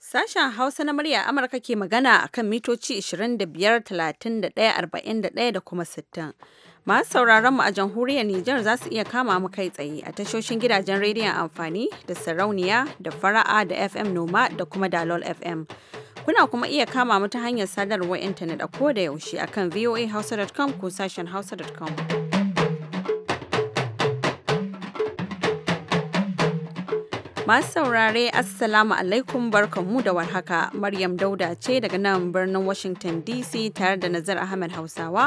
Sashen Hausa na murya Amurka ke magana akan mitoci 25, 31, 41 da kuma 60. Masu sauraron mu a jamhuriyar Nijar za su iya kama mu kai tsaye a tashoshin gidajen rediyon amfani da sarauniya da fara'a da FM Noma da kuma Dalol FM. Kuna kuma iya kama mu ta hanyar sadarwar intanet a ko da yaushe akan voahausa.com ko sashen hausa.com. Masu saurare Assalamu alaikum barkanmu da warhaka Maryam Dauda ce daga nan birnin Washington DC tare da Nazar Ahmed Hausawa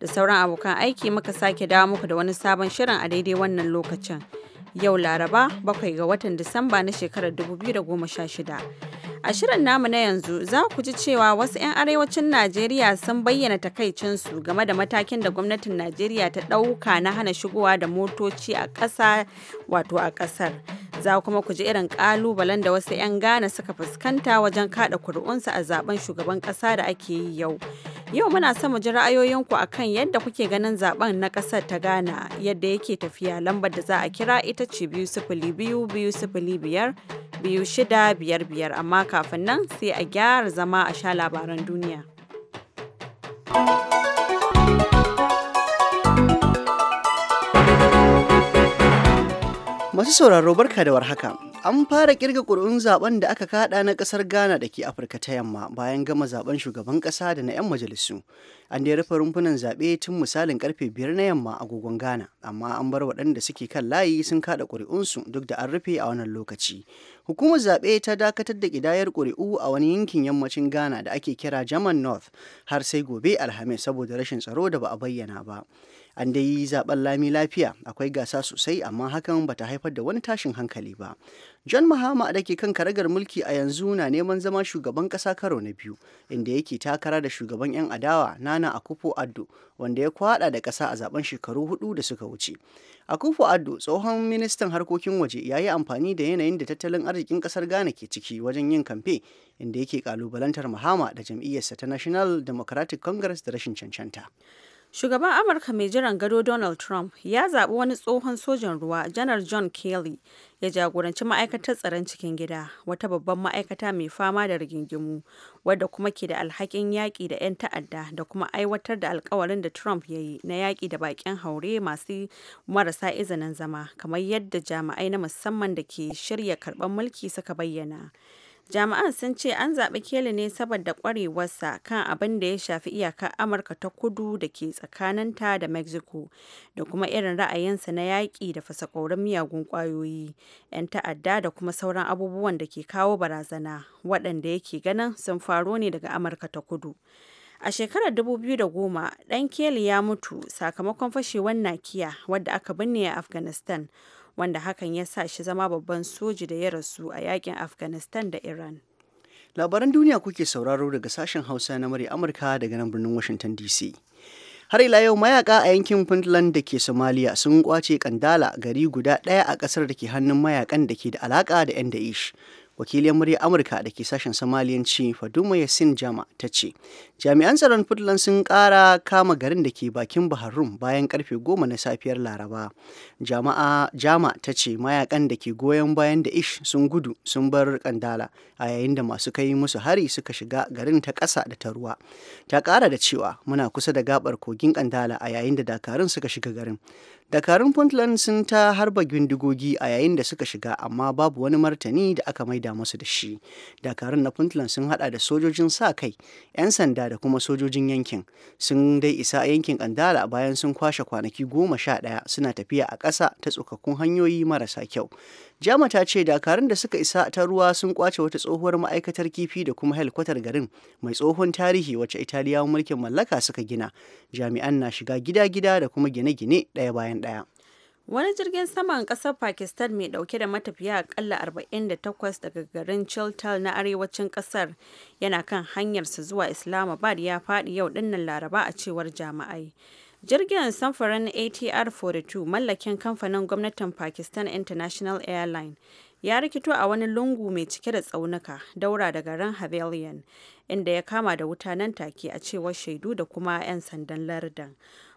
da sauran abokan aiki muka sake dawo muku da wani sabon shirin a daidai wannan lokacin. Yau Laraba bakwai ga watan Disamba na shekarar 2016. A shirin namu na yanzu za ku ji cewa wasu 'yan arewacin Najeriya sun bayyana takaicinsu game da matakin da gwamnatin Najeriya ta ɗauka na hana shigowa da motoci a ƙasa wato a ƙasar. Za kuma ku ji irin kalubalen da wasu 'yan Ghana suka fuskanta wajen kaɗa kuri'unsu a zaben shugaban kasa da ake yi yau. Yau muna son mu ji ra'ayoyinku akan yadda kuke ganin zaben na ƙasar ta Ghana yadda yake tafiya lambar da za a kira ita ce biyu sifili biyu biyu sifili biyar biyu shida biyar biyar amma kafin nan sai a gyara zama a sha labaran duniya. Masu sauraro barka da warhaka. An fara kirga ƙuri'un zaben da aka kada na ƙasar Ghana da ke Afirka ta yamma bayan gama zaben shugaban ƙasa da na 'yan majalisu. An dai rufe rumfunan zaɓe tun misalin karfe biyar na yamma a agogon Ghana, amma an bar waɗanda suke kan layi sun kada ƙuri'unsu duk da an rufe a wannan lokaci. Hukumar zaɓe ta dakatar da ƙidayar ƙuri'u a wani yankin yammacin Ghana da ake kira German North har sai gobe Alhamis saboda rashin tsaro da ba a bayyana ba. an dai yi zaben lami lafiya akwai gasa sosai amma hakan bata haifar da wani tashin hankali ba john mahama da ke kan karagar mulki a yanzu na neman zama shugaban kasa karo na biyu inda yake takara da shugaban 'yan adawa nana akufo addo wanda ya kwada da kasa a zaben shekaru hudu da suka wuce akufo addo tsohon ministan harkokin waje ya yi amfani da yanayin da tattalin arzikin kasar ghana ke ciki wajen yin kamfe inda yake kalubalantar mahama da jam'iyyarsa ta national democratic congress da rashin cancanta Shugaban Amurka mai jiran gado Donald Trump ya zaɓi wani tsohon sojan ruwa, Janar John Kelly, ya jagoranci ma'aikatar tsaron cikin gida, wata babban ma'aikata mai fama da rigingimu, wadda kuma ke da alhakin yaƙi da 'yan ta'adda da kuma aiwatar da alkawarin da Trump ya yi na yaƙi da baƙin haure masu marasa izinin zama, kamar yadda jami'ai na musamman da ke shirya karɓar mulki suka bayyana. Jami'an sun ce an zaɓi keli ne saboda ƙwarewarsa kan abin da ya shafi iyakar Amurka ta kudu da ke tsakaninta da Mexico da kuma irin ra'ayinsa na yaƙi da fasakorin miyagun ƙwayoyi, 'yan ta'adda da kuma sauran abubuwan da ke kawo barazana waɗanda yake ganin sun faro ne daga Amurka ta kudu. A shekarar 2010, ɗan keli ya mutu sakamakon fashewar nakiya wadda aka binne a Afghanistan. wanda hakan ya sa shi zama babban soji da ya rasu a yakin afghanistan da iran labaran duniya kuke sauraro daga sashen hausa na murya amurka daga nan birnin washington dc har ila yau mayaka a yankin puntland da ke somalia sun kwace kandala gari guda daya a kasar da ke hannun mayakan da ke da alaka da 'yan da'ish wakiliyar murya amurka da ke sashen somaliyanci faduma yasin jama ta ce Jami'an tsaron Puntland sun kara kama garin da ke bakin baharrum bayan karfe goma na safiyar Laraba. Jama'a Jama ta ce mayakan da ke goyon bayan da Ish sun gudu sun bar Kandala a yayin da masu kai musu hari suka shiga garin ta kasa da ta ruwa. Ta kara da cewa muna kusa da gabar kogin Kandala a yayin da dakarun suka shiga garin. Dakarun Puntland sun ta harba gindigogi a yayin da suka shiga amma babu wani martani da aka maida musu da shi. Dakarun na Puntland sun hada da sojojin sa kai, 'yan sanda da kuma sojojin yankin sun dai isa yankin kandala bayan sun kwashe kwanaki goma sha ɗaya suna tafiya a ƙasa ta tsokakkun hanyoyi marasa kyau jama ta ce dakarun da suka isa ta ruwa sun kwace wata tsohuwar ma'aikatar kifi da kuma helkwatar garin mai tsohon tarihi wacce italiyawan mulkin mallaka suka gina jami'an na shiga gida-gida da kuma gine-gine ɗaya bayan ɗaya Wani jirgin saman ƙasar Pakistan mai ɗauke da matafiya akalla 48 daga garin Chiltal na arewacin ƙasar yana kan hanyarsa zuwa Islamabad ya faɗi yau dinnan Laraba a cewar jami'ai. Jirgin samfuran ATR-42 mallakin kamfanin gwamnatin Pakistan International Airline ya rikito a wani lungu mai cike da tsaunuka daura da garin Havelian inda ya kama da wuta nan take a cewar shaidu da kuma 'yan sandan lardan.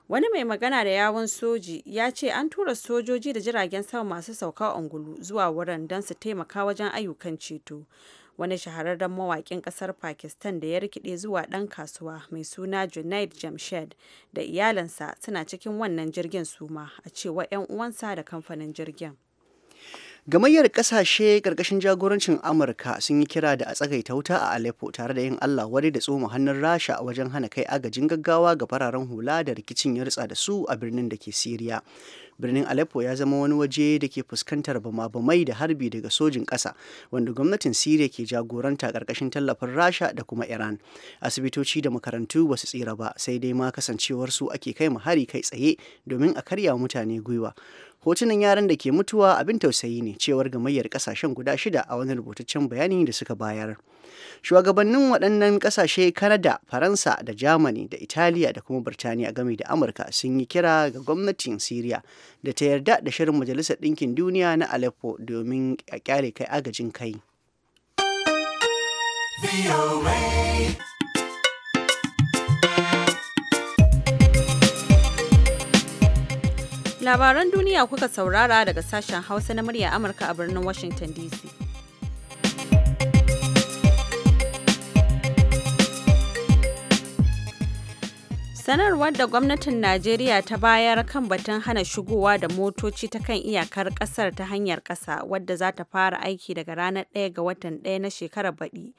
wani mai magana da yawun soji ya ce an tura sojoji da jiragen sama masu sauka ungulu zuwa wurin don su taimaka wajen ayyukan ceto wani shahararren mawaƙin ƙasar pakistan da ya rikide zuwa ɗan kasuwa mai suna junaid jamshed da iyalansa suna cikin wannan jirgin suma a cewa 'yan uwansa da kamfanin jirgin Gamayyar ƙasashe karkashin jagorancin Amurka sun yi kira da a tsagaita wuta a Aleppo tare da yin Allah wadai da tsoma hannun Rasha wajen hana kai agajin gaggawa ga fararen hula da rikicin ya ritsa da su a birnin da ke Siriya. Birnin Aleppo ya zama wani waje da ke fuskantar bama-bamai da harbi daga sojin ƙasa wanda gwamnatin Siriya ke jagoranta ƙarƙashin tallafin Rasha da kuma Iran. Asibitoci da makarantu ba su tsira ba sai dai ma kasancewar su ake kai hari kai tsaye domin a karya mutane gwiwa. Hotunan yaran da ke mutuwa abin tausayi ne amincewar gamayyar kasashen guda shida a wani rubutaccen bayani da suka bayar shugabannin waɗannan ƙasashe kanada faransa da germany da italiya da kuma birtaniya game da amurka sun yi kira ga gwamnatin Siriya da ta yarda da shirin majalisar ɗinkin duniya na aleppo domin a kyale kai agajin kai Labaran duniya kuka saurara daga sashen Hausa na murya Amurka a birnin Washington DC. Sanarwar da gwamnatin Najeriya ta bayar kan batun hana shigowa da motoci ta kan iyakar kasar ta hanyar kasa wadda za ta fara aiki daga ranar 1 ga watan 1 na shekarar baɗi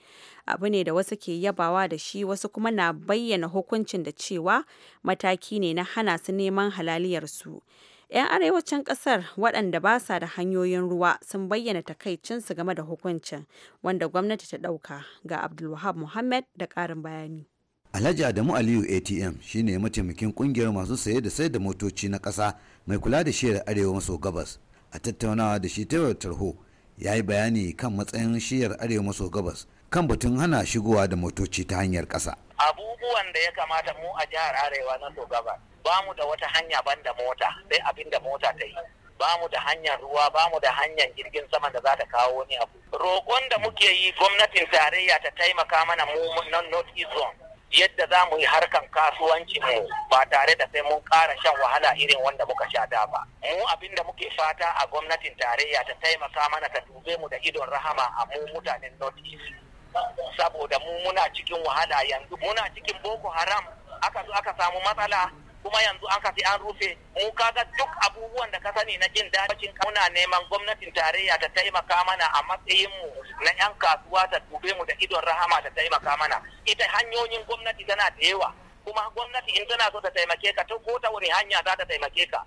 abu ne da wasu ke yabawa da shi wasu kuma na bayyana hukuncin da cewa mataki ne na hana su neman halaliyarsu. su. 'Yan arewacin kasar waɗanda ba sa da hanyoyin ruwa sun bayyana takaicinsu game da hukuncin wanda gwamnati ta ɗauka ga Abdulwahab Muhammad da ƙarin bayani. Alhaji Adamu Aliyu ATM shine mataimakin kungiyar masu saye da sayar da motoci na ƙasa mai kula da shiyar arewa maso gabas. A tattaunawa da shi ta tarho ya yi bayani kan matsayin shiyar arewa maso gabas kan batun hana shigowa da motoci ta hanyar ƙasa. Abubuwan da ya kamata mu a jihar arewa na so gabas ba mu da wata hanya ban da mota sai abin da mota ta yi ba mu da hanyar ruwa ba mu da hanyar jirgin sama da za ta kawo wani abu roƙon da muke yi gwamnatin tarayya ta taimaka mana mu na north east zone yadda za mu yi harkan kasuwanci mu ba tare da sai mun ƙara shan wahala irin wanda muka sha da ba. Mu abin da muke fata a gwamnatin tarayya ta taimaka mana ta dube mu da idon rahama a mu mutanen North East. Saboda mu muna cikin wahala yanzu muna cikin Boko Haram aka zo aka samu matsala kuma yanzu an kasi an rufe mu kaga duk abubuwan da ka sani na jin dacin muna neman gwamnatin tarayya ta taimaka mana a matsayin mu na yan kasuwa ta dube mu da idon rahama ta taimaka mana ita hanyoyin gwamnati tana da yawa kuma gwamnati in tana so ta taimake ka ta ko ta wani hanya za ta taimake ka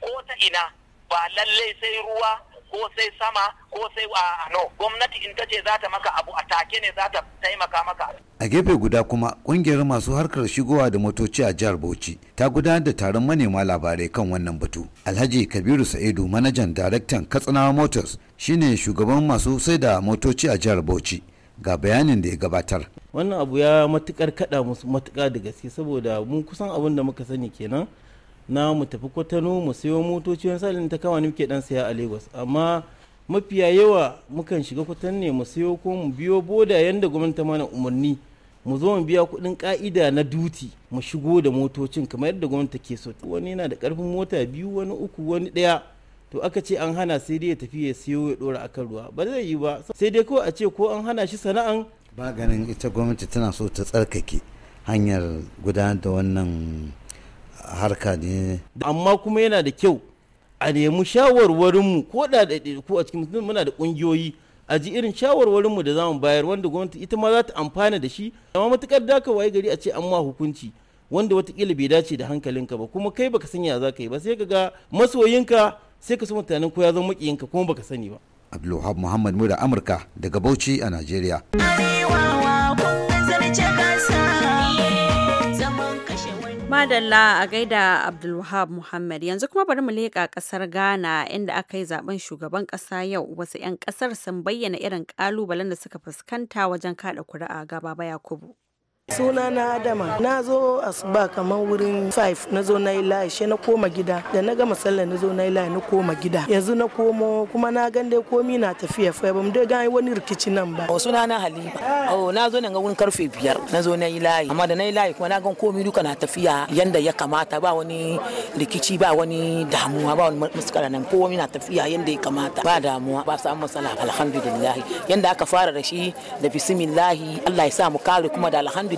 ko ta ina ba lallai sai ruwa ko sai sama ko sai a ah, no gwamnati in ta ce za ta maka abu a take ne za ta taimaka maka a gefe guda kuma kungiyar masu harkar shigowa da motoci a jihar Bauchi ta gudanar da taron manema labarai kan wannan batu Alhaji Kabiru Sa'idu manajan daraktan Katsinawa Motors shine shugaban masu sai da motoci a jihar Bauchi ga bayanin da ya gabatar wannan abu ya matukar kada musu matuka da gaske saboda mun kusan abin da muka sani kenan na mu tafi kwatano mu sayo motoci wani sa'ilin ta kama ni muke dan saya a lagos amma mafiya yawa mukan shiga kwatan ne mu sayo ko mu biyo boda yanda gwamnati mana umarni mu zo mu biya kuɗin ka'ida na duti mu shigo da motocin kamar yadda gwamnati ke so wani yana da karfin mota biyu wani uku wani daya to aka ce an hana sai dai ya tafi ya sayo ya dora akan ruwa ba zai yi ba sai dai ko a ce ko an hana shi sana'an ba ganin ita gwamnati tana so ta tsarkake hanyar gudanar da wannan harka ne amma kuma yana da kyau a nemi shawarwarinmu ko da ko a cikin muna da ƙungiyoyi a ji irin shawarwarinmu da zamu bayar wanda gwamnati ita ma za ta amfana da shi amma matukar da ka waye gari a ce an ma hukunci wanda watakila bai dace da hankalinka ba kuma kai baka sanya za ka yi ba sai ka ga masoyinka sai ka so mutanen ko ya zama makiyinka kuma baka sani ba abdulwahab muhammad mura amurka daga bauchi a najeriya Madalla a gaida Abdulwahab Muhammad yanzu kuma bari mu leƙa ƙasar Ghana inda aka yi zaben shugaban ƙasa yau wasu 'yan ƙasar sun bayyana irin ƙalubalen da suka fuskanta wajen kaɗa kuri'a gaba Yakubu. suna na adama na zo asuba kamar wurin 5 na zo na yi layi she na koma gida da na gama sallah na zo na yi layi na koma gida yanzu na komo kuma na gan dai komi na tafiya fa ba mu dai gani wani rikici nan ba wasu oh, na na halima oh na zo nan ga wurin karfe biyar na zo na yi layi amma da na yi layi kuma na gan komi duka na tafiya yanda ya kamata ba wani rikici ba wani damuwa ba wani muskara nan komi na tafiya yanda ya kamata ba damuwa ba samu matsala alhamdulillah yanda aka fara da shi da bismillah Allah ya sa mu kare kuma da alhamdulillah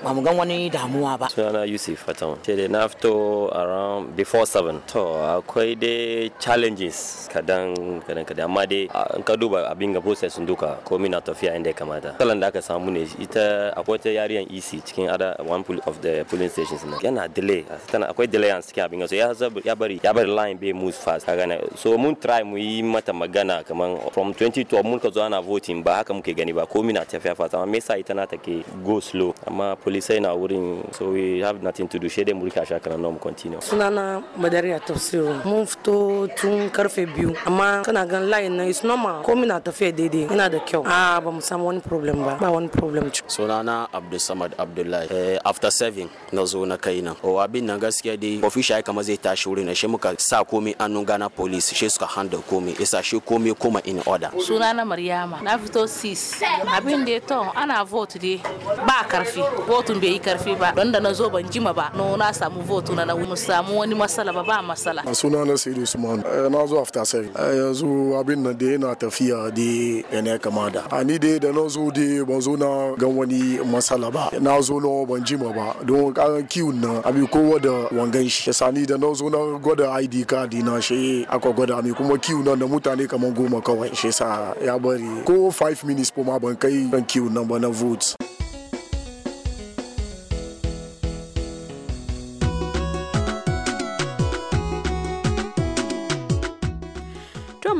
ba mu gan wani damuwa ba sunana yusuf fatam ce dai na fito around before seven to akwai dai challenges kadan kadan kadan amma dai in ka duba abin ga process sun duka ko na tafiya inda ya kamata kalan da aka samu ne ita akwai ta yariyan ec cikin ada one pool of the polling stations na yana delay tana akwai delay an cikin abin ga so ya bari ya bari line be move fast ka gane so mun try mu yi mata magana kaman from 2012 mun ka zo ana voting ba haka muke gani ba ko mina tafiya fast amma me yasa ita na take go slow amma polisai na wurin so we have nothing to do she dai mu sha kana mu continue sunana madariya tafsiru mun fito tun karfe biyu amma kana gan layin na is normal komai na tafiya daidai yana da kyau a ba mu samu wani problem ba ba wani problem sunana samad abdullahi eh, after seven na zo na kai nan o oh, abin nan gaskiya dai official ya kama zai tashi wurin shi muka sa komai annun gana police shi suka handle komai isa shi komai kuma in order sunana maryama na fito 6 abin da ya to ana vote dai ba karfi votun bai yi karfi ba don da na zo ban jima ba no na samu votu na mu samu wani masala ba ba masala suna na sai usman eh, na zo after eh, yanzu abin na da yana tafiya da yana kama da ani dai da na zo dai ban zo na gan wani masala ba na zo na ban jima ba don karan kiwon nan abi kowa da wangan shi ni da na zo na gwada id card na shi aka gwada mi kuma kiwon nan da mutane kamar goma kawai shi sa ya bari ko 5 minutes ma ban kai ban kiwon nan ba na vote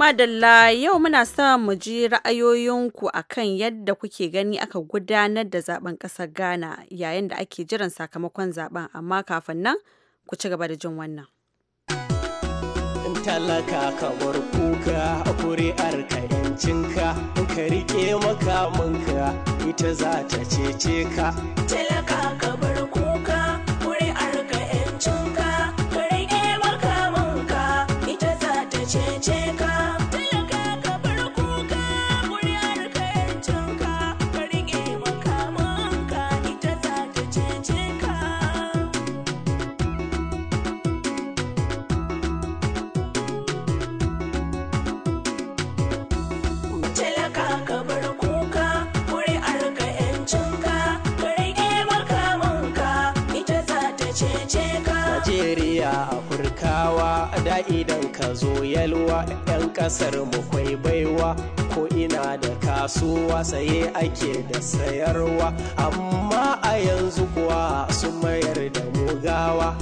madalla yau muna son mu ji ra'ayoyinku akan yadda kuke gani aka gudanar da zaben ƙasar Ghana yayin da ake jiran sakamakon zaben amma kafin nan ku ci gaba da jin wannan. talaka ka bar kuka a kuri'ar ka yancinka ka rike makamanka ita za ta cece ka talaka yalwa 'yan kasar mu kwai baiwa ko ina da kasuwa saye ake da sayarwa amma a yanzu kuwa sun mayar da mugawa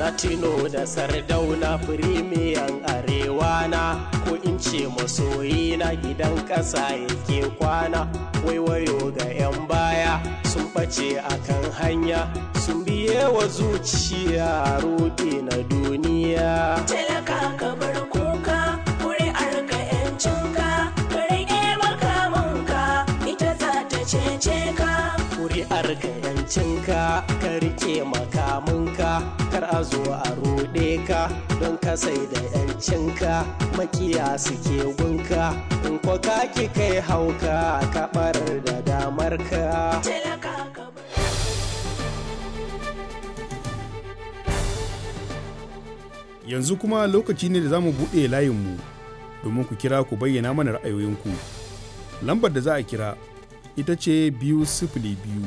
na tino da sardauna firimiyan arewa na ko in ce masoyi na gidan ƙasa yake kwana waiwayo ga 'yan baya sun ɓace kan hanya sun biye wa zuciya ruɗe na duniya talaka bar kuka kuri'ar 'yancinka makamanka ita za ta ka cinka ka rike makaminka kar a zo a ruɗe ka don ka sai da yancinka makiya suke gunka in kwa ki kai hauka ka barar da damarka yanzu kuma lokaci ne da za mu buɗe layinmu domin ku kira ku bayyana mana ra'ayoyinku lambar da za a kira ita ce biyu sifili biyu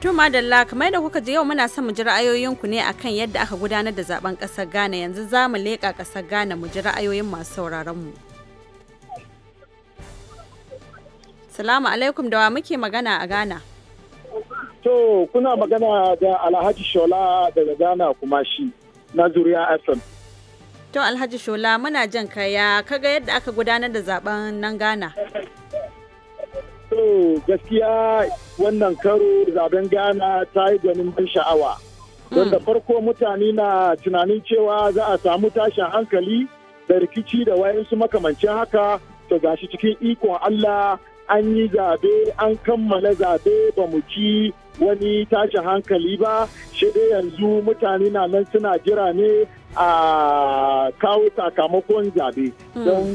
To madalla kamar da kuka ji yau muna son mu ji ra'ayoyinku ne akan yadda aka gudanar da zaben kasar Ghana yanzu za mu leƙa kasar Ghana mu ji ra'ayoyin masu sauraron mu. Salamu alaikum da wa muke magana a Ghana. To kuna magana da Alhaji Shola daga Ghana kuma shi na zuriya Afton. To Alhaji Shola muna jan kaya kaga yadda aka gudanar da zaben nan Ghana. gaskiya wannan karo zaben Ghana ta yi gwanin ban sha'awa. Don mm. farko mutane na tunanin cewa za a samu tashin hankali da rikici da wayansu makamancin haka to gashi cikin ikon Allah an yi zabe an kammala zabe ba mu ci wani tashin hankali ba shi dai yanzu mutane na nan suna jira ne a kawo sakamakon zabe mm. don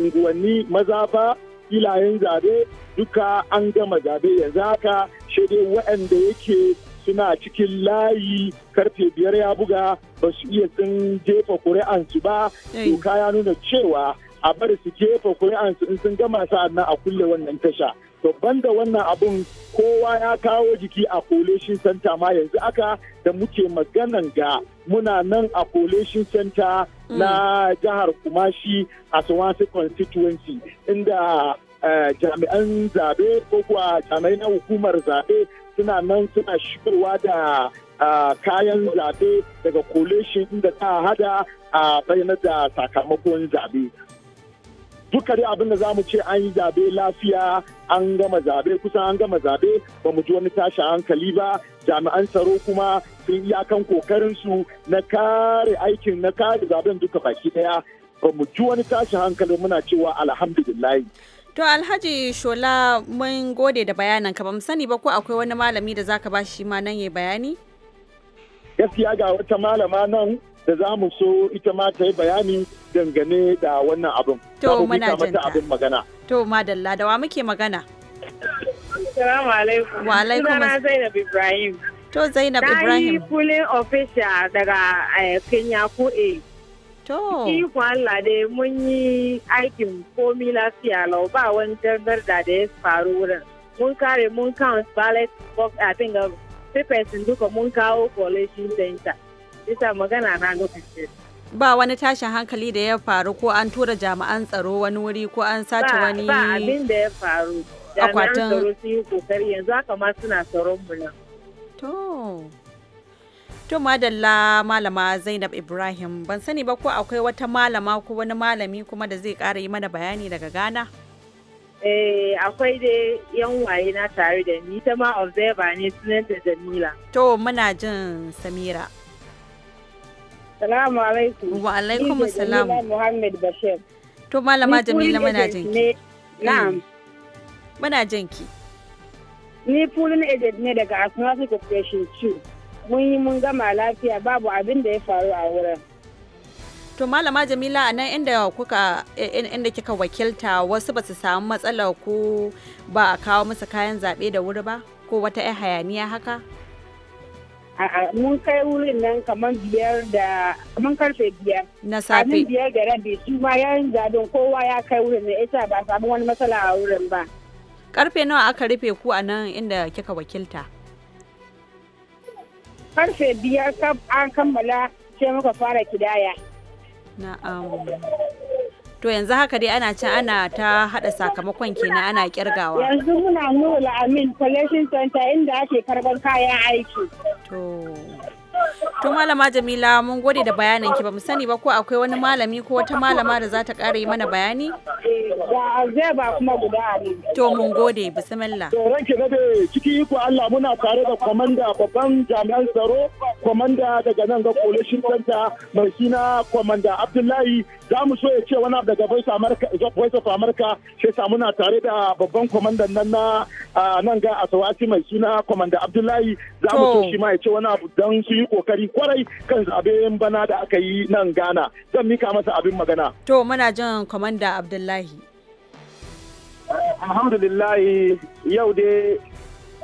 unguwanni maza ba filayen zabe duka an gama zabe yanzu haka shi dai waɗanda yake suna cikin layi karfe biyar ya buga ba su iya sun jefa kuri'ansu ba doka ya nuna cewa a bar su jefa kuri'ansu in sun gama sa'an nan a kulle wannan tasha to da wannan abun kowa ya kawo jiki a collation center ma yanzu aka da muke maganan ga muna nan a koleshin center na mm. jihar kumashi a swansea constituency inda eh, jami'an zabe ko kuwa jami'ai na hukumar zabe suna nan suna shigarwa da eh, kayan zabe daga koleshin inda ta hada a bayyana da sakamakon zabe duka dai abin da za mu ce an yi zabe lafiya an gama zabe kusan an gama zabe ba mu ji wani tashin hankali ba jami'an tsaro kuma sun iyakan kokarin su na kare aikin na kare zaben duka baki daya ba mu ji wani tashin hankali muna cewa alhamdulillah To Alhaji Shola mun gode da bayanan ka ba mu sani ba ko akwai wani malami da zaka ba shi ma nan yayi bayani? Gaskiya ga wata malama nan da za mu so ita ma ta yi bayani dangane da wannan abin. To muna jinta. abin magana. To madalla da wa muke magana. Salamu alaikum. Wa alaikum. Sunana Zainab Ibrahim. To Zainab Ibrahim. Na yi fulin official daga eh, Kenya ko A. To. Ki ku Allah dai mun yi aikin komi lafiya lau ba wani dangarda da ya faru wurin. Mun kare mun count ballot box a tinga sun duka mun kawo collation center. bisa magana na lokacin ba wani tashin hankali da ya faru ko an tura jami'an tsaro wani wuri ko an sace wani ba abin da ya faru jami'an tsaro sun yi kokari yanzu haka ma suna tsaron mu nan to to madalla malama Zainab Ibrahim ban sani ba ko akwai wata malama ko wani malami kuma da zai ƙara yi mana bayani daga Ghana Eh, akwai dai yan waye na tare da ni ta ma observer ne sunan da Jamila. To muna jin Samira. Salamu alaikum. Wa alaikum salam. Muhammad Bashir. To malama Jamila muna jinki. Na'am. Mm. Muna jinki. Ni pulin agent ne daga Asmatu Corporation 2. Mun yi mun gama lafiya babu abin da ya faru a wurin. To malama Jamila a nan inda kuka inda kika wakilta wasu ba su samu matsala ko ba a kawo musu kayan zaɓe da wuri ba ko wata 'yan hayaniya haka? A'a mun kai wurin nan kamar biyar da kamar karfe biyar. Na safe. Abin biyar da rabi su ma yayin gadon kowa ya kai wurin ne ita ba samu wani matsala a wurin ba. Karfe nawa aka rufe ku a nan inda kika wakilta? Karfe biyar an kammala ce muka fara kidaya. Na'am. to yanzu haka dai ana can ana ta hada sakamakon kenan ana kirgawa yanzu muna nuna amin collection center inda ake karban kayan aiki to To malama Jamila mun gode da bayanin ki ba mu sani ba ko akwai wani malami ko wata malama da za ta ƙara yi mana bayani? Da ba kuma guda ne. To mun gode bismillah. To ranke na da ciki iko Allah muna tare da komanda babban jami'an tsaro komanda daga nan ga coalition center mai suna komanda Abdullahi za mu so ya ce wani abu daga Voice of America sai sa muna tare da babban komandan nan na nan ga Asawasi mai suna komanda Abdullahi za mu so shi ma ya ce wani abu don su yi kokari kwarai kan zaben bana da aka yi nan gana zan mika masa abin magana to muna jin kwamanda Abdullahi eh, alhamdulillah yau dai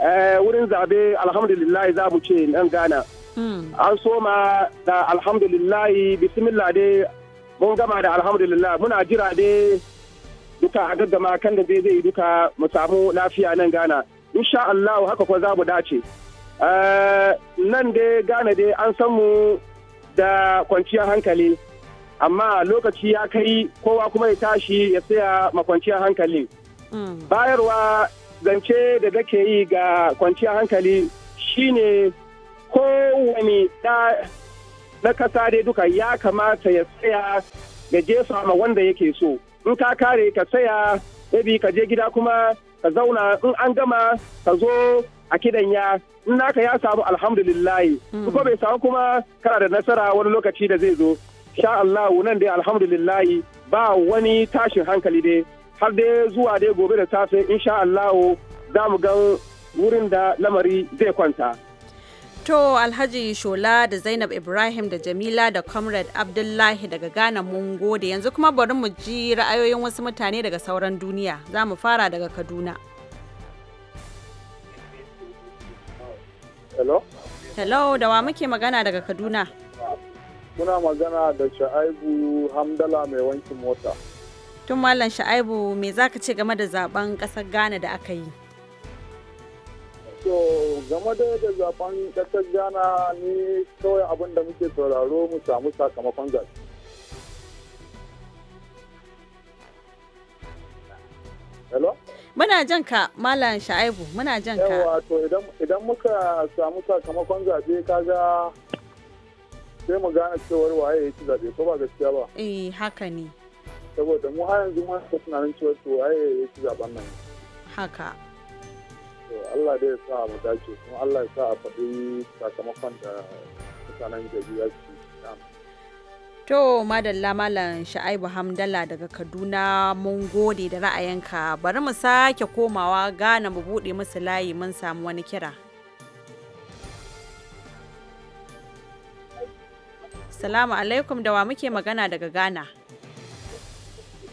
eh, wurin zabe alhamdulillah za mu ce nan Ghana hmm. an soma da alhamdulillah bismillah dai mun gama da alhamdulillah muna jira dai duka a gaggama kan da zai duka mu samu lafiya nan gana insha Allah haka ko za mu dace Eh, nan dai gane dai an samu da kwanciyar hankali amma lokaci ya kai kowa kuma ya tashi ya tsaya makwanciyar hankali mm. bayarwa zance da dake yi ga kwanciyar hankali shine kowane ɗa na kasa dai duka ya kamata ya tsaya ya jefa ma wanda yake so in ka kare ka tsaya bi ka je gida kuma ka zauna in an gama ka zo a kidan ya in naka ya samu alhamdulillahi hmm. ko bai samu kuma kana da nasara wani lokaci da zai zo sha Allah nan dai alhamdulillahi ba wani tashin hankali dai har dai zuwa dai gobe da safe insha Allah za mu gan wurin da lamari zai kwanta To Alhaji Shola da Zainab Ibrahim da Jamila da Comrade Abdullahi daga Ghana mun gode yanzu kuma bari mu ji ra'ayoyin wasu mutane daga sauran duniya za mu fara daga Kaduna. Hello? Hello, da wa muke magana daga Kaduna? Muna magana da Sha'aibu Hamdala mai wankin mota. Tun Mallam Sha'aibu me za ka ce game da zaben ƙasar Ghana da aka yi? So game da zaben ƙasar Ghana ne kawai abin da muke sauraro mu samu sakamakon zaɓe. Hello? Muna jan ka Malam Sha'ibu, muna jan ka. Yawa to idan muka samu sakamakon zaɓe kaga sai mu gane cewar waye ya ci zaɓe ko ba gaskiya ba. Eh haka ne. Saboda mu a yanzu ma ta tunanin cewar to waye ya ci zaɓen nan. Haka. To Allah dai ya sa mu dace kuma Allah ya sa a faɗi sakamakon da mutanen gari ya ci. To madalla malam sha'ibu Hamdala daga Kaduna mun gode da ra'ayinka bari mu sake komawa gane mu bude musu layi mun samu wani kira. Salamu alaikum da wa muke magana daga Ghana.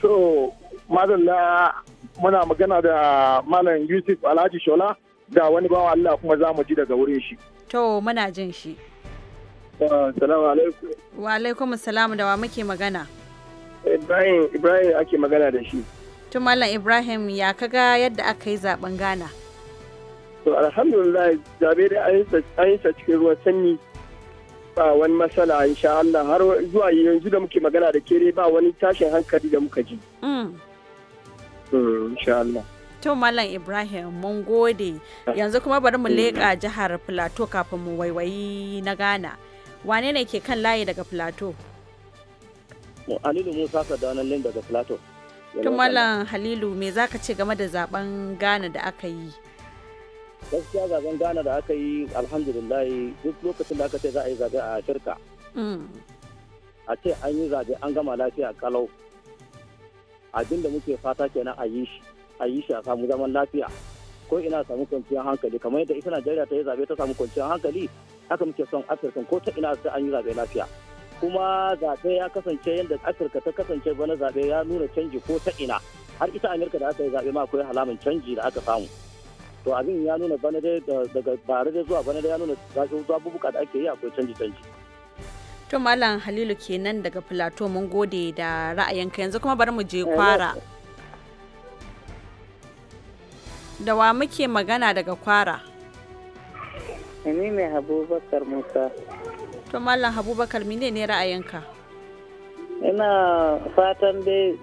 To madalla muna magana da malam Yusuf Alhaji Shola da wani bawa Allah kuma za mu ji daga wurin shi. To muna jin shi. Assalamu alaikum. Wa alaikum assalamu da wa muke magana. Ibrahim Ibrahim ake magana da shi. Tun Ibrahim ya kaga yadda aka yi zaben Ghana. To alhamdulillah zabe da an yi cikin ruwan sanyi ba wani matsala insha Allah har zuwa yanzu da muke magana da kere ba wani tashin hankali da muka ji. Mm. Mm, insha Allah. To Malam Ibrahim mun gode ah. yanzu kuma bari mu leƙa jihar Plateau kafin mu waiwayi na Ghana. wane ne ke kan layi daga plateau halilu musa sadanan lin daga plateau tumalan halilu me za ka ce game da zaben ghana da aka yi gaskiya zaben ghana da aka yi alhamdulillah duk lokacin da aka ce za a yi zabe a shirka mm. a ce an yi zabe an gama lafiya kalau abinda muke fata kenan a yi shi a yi shi a samu zaman lafiya ko ina samu kwanciyar hankali kamar yadda ita najeriya ta yi zabe ta samu kwanciyar hankali haka muke son afirka ko ta ina sai an yi zaɓe lafiya kuma zaɓe ya kasance yadda afirka ta kasance bana zaɓe ya nuna canji ko ta ina har ita amerika da aka yi zaɓe ma akwai halaman canji da aka samu to abin ya nuna bana dai daga bare dai zuwa bana dai ya nuna zaɓuɓɓuka da ake yi akwai canji canji to malam halilu kenan daga filato mun gode da ra'ayinka yanzu kuma bari mu je eh, kwara da wa muke magana daga kwara ni ne Habubakar Musa. To Mallam Habubakar mine ne ra'ayinka? Ina fatan dai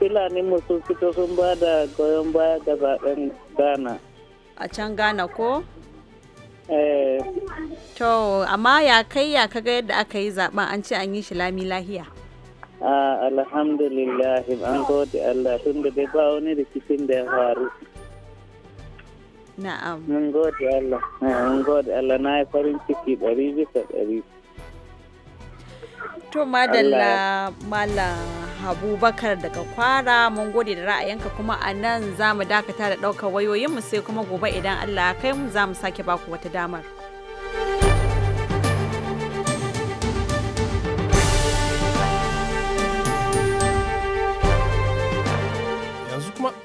Fulani musu fito sun ba da goyon baya ga zaben Ghana. A can Ghana ko? Eh. To, amma ya kai ya kaga yadda aka yi zaben an ce an yi shi lami lahiya. Ah, alhamdulillah an gode Allah tun da dai ba wani rikicin da ya faru. Na'am. Mun gode Allah. Mun gode Allah na yi farin ciki ɗari bisa ɗari. To madalla mala Habubakar daga kwara mun gode da ra'ayinka kuma a nan za mu dakata da ɗaukar wayoyinmu sai kuma gobe idan Allah ya kai mu za mu sake baku wata damar.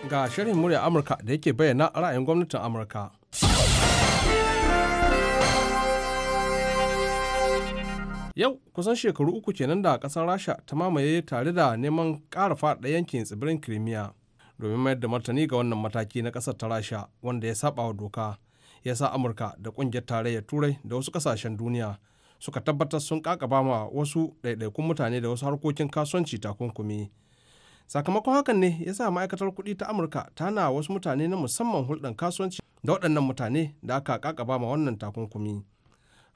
ga shirin murya Amurka da yake bayyana ra'ayin gwamnatin Amurka. Yau kusan shekaru uku kenan da ƙasar Rasha ta mamaye tare da neman ƙara faɗa yankin tsibirin Crimea domin mayar da martani ga wannan mataki na ƙasar ta Rasha wanda ya saba wa doka ya sa Amurka da ƙungiyar tarayyar Turai da wasu ƙasashen duniya suka tabbatar sun ƙaƙaba ma wasu ɗaiɗaikun mutane da wasu harkokin kasuwanci takunkumi. sakamakon hakan ne ya sa ma'aikatar kuɗi ta amurka ta na wasu mutane na musamman hulɗar kasuwanci da waɗannan mutane da aka kakaba ma wannan takunkumi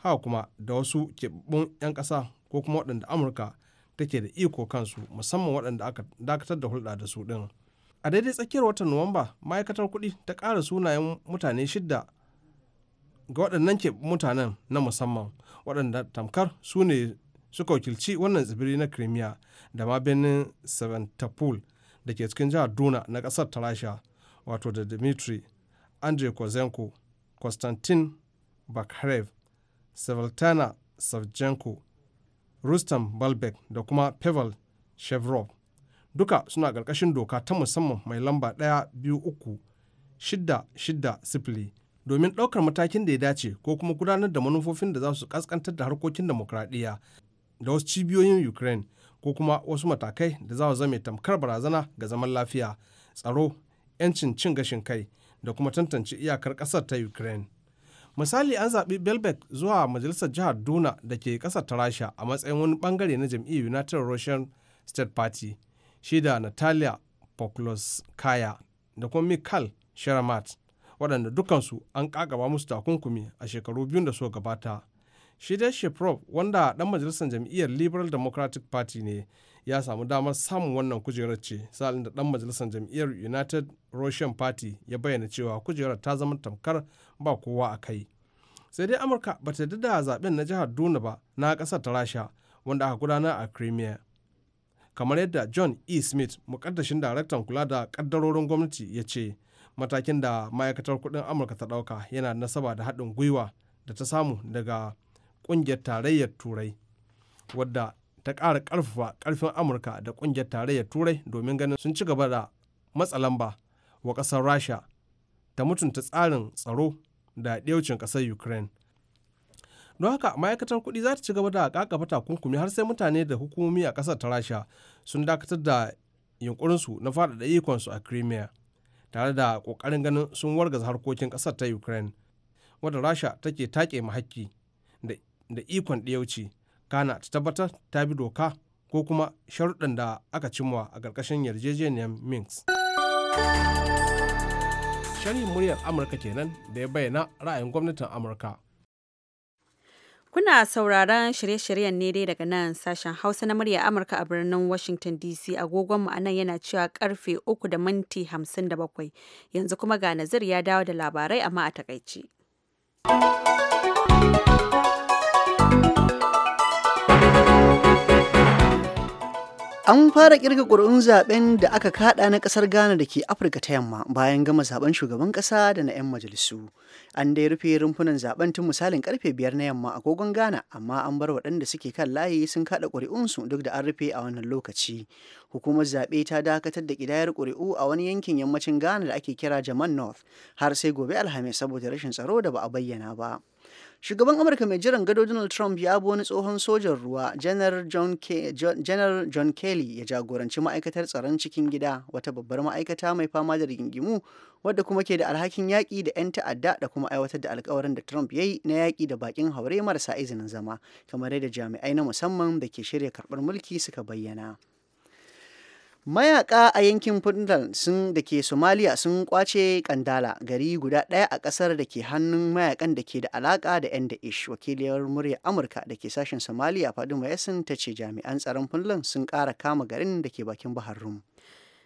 haka kuma da wasu keɓaɓɓun 'yan ƙasa ko kuma waɗanda amurka take da iko kansu musamman waɗanda aka dakatar da hulɗa da su ɗin a daidai tsakiyar watan nuwamba ma'aikatar kuɗi ta ƙara sunayen mutane shidda ga waɗannan ke mutanen na musamman waɗanda tamkar su ne suka wakilci wannan tsibiri na crimea da ma birnin sevastopol da ke cikin jihar duna na kasar ta wato da dmitry andrey kozenko konstantin bakharev sevaltana savchenko rustam balbek da kuma pavel chevrov duka suna ƙarƙashin doka ta musamman mai lamba ɗaya biyu uku shidda shidda sifili domin ɗaukar matakin da ya dace ko kuma gudanar da manufofin da za su ƙasƙantar da harkokin demokradiyya da wasu cibiyoyin ukraine ko kuma wasu matakai da za zame tamkar barazana ga zaman lafiya tsaro 'yancin cin gashin kai da kuma tantance iyakar ƙasar ta ukraine misali an zaɓi belbek zuwa majalisar jihar duna da ke ƙasar ta rasha a matsayin wani ɓangare na jam'iyyar united russian state party shi da natalia pokloskaya da kuma mikal sharamat waɗanda dukansu an ƙaƙaba musu takunkumi a shekaru biyun da suka gabata shi dai Shiprop wanda dan majalisar jam'iyyar liberal democratic party ne ya samu damar samun wannan kujerar ce sa'alin da dan majalisar jam'iyyar united russian party ya bayyana cewa kujerar ta zama tamkar ba kowa a kai sai dai amurka ba ta da zaben na jihar duna ba na kasar ta rasha wanda aka gudanar a crimea kamar yadda john e smith mukaddashin daraktan kula da kaddarorin gwamnati ya ce matakin da ma'aikatar kudin amurka ta dauka yana nasaba da haɗin gwiwa da ta samu daga ƙungiyar tarayyar turai wadda ta ƙara ƙarfafa ƙarfin amurka da ƙungiyar tarayyar turai domin ganin sun ci gaba da matsa lamba wa ƙasar rasha ta mutunta tsarin tsaro da ɗaucin ƙasar ukraine don haka ma'aikatar kuɗi za ta ci gaba da ƙaƙafa takunkumi har sai mutane da hukumomi a ƙasar ta rasha sun dakatar da yunkurinsu na faɗaɗa ikonsu a crimea tare da ƙoƙarin ganin sun wargaza harkokin ƙasar ta ukraine wadda rasha take take mahakki da ikon ɗiyauci kana ta tabbatar ta bi doka ko kuma sharuɗan da aka cimma a ƙarƙashin yarjejeniyar minks. sharhin muryar amurka kenan da ya bayyana ra'ayin gwamnatin amurka Kuna sauraron shirye-shiryen ne dai daga nan sashen Hausa na murya Amurka a birnin Washington DC agogonmu a nan yana cewa karfe 3 da minti 57 yanzu kuma ga Nazir ya dawo da labarai amma a takaici. An fara kirga ƙuri'un zaben da aka kada na ƙasar Ghana da ke Afirka ta yamma bayan gama zaben shugaban ƙasa da na 'yan majalisu. An dai rufe rumfunan zaben tun misalin karfe 5 na yamma a agogon Ghana amma an bar waɗanda suke kan layi sun kada ƙuri'unsu duk da an rufe a wannan lokaci. Hukumar zaɓe ta dakatar da ƙidayar ƙuri'u a wani yankin yammacin Ghana da ake kira Jaman North har sai gobe Alhamis saboda rashin tsaro da ba a bayyana ba. Shugaban Amurka mai jiran gado Donald Trump ya bi wani tsohon sojan ruwa Janar John, John Kelly ya jagoranci ma'aikatar tsaron cikin gida wata babbar ma'aikata mai fama da rigingimu wadda kuma ke da alhakin yaƙi da 'yan ta'adda da kuma aiwatar da alkawarin da Trump ya yi na yaƙi da baƙin haure marasa izinin zama kamar yadda jami'ai na musamman da ke shirya karɓar mulki suka bayyana. mayaka a yankin Puntland sun da ke Somalia sun kwace Kandala gari guda ɗaya a ƙasar da ke hannun mayakan da ke da alaka da 'yan Da'ish. Wakiliyar murya Amurka da ke sashen Somalia Faduma Yasin ta ce jami'an tsaron Puntland sun kara kama garin da ke bakin Bahar Rum.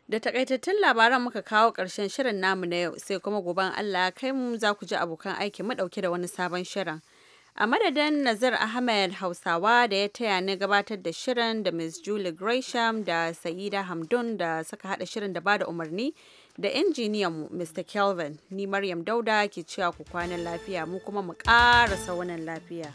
Da takaitattun labaran muka kawo ƙarshen shirin namu na yau sai kuma gobe Allah kai mu za ku ji abokan aiki mu ɗauke da wani sabon shirin. A madadin Nazir Ahmed Hausawa da ya taya ni gabatar da shirin da Ms. Julie Gresham da Sa'ida Hamdun da suka hada shirin da bada umarni da injiniyan Mr. Kelvin. Ni Maryam Dauda ke cewa ku kwanan lafiya mu kuma mu ƙara saunan lafiya.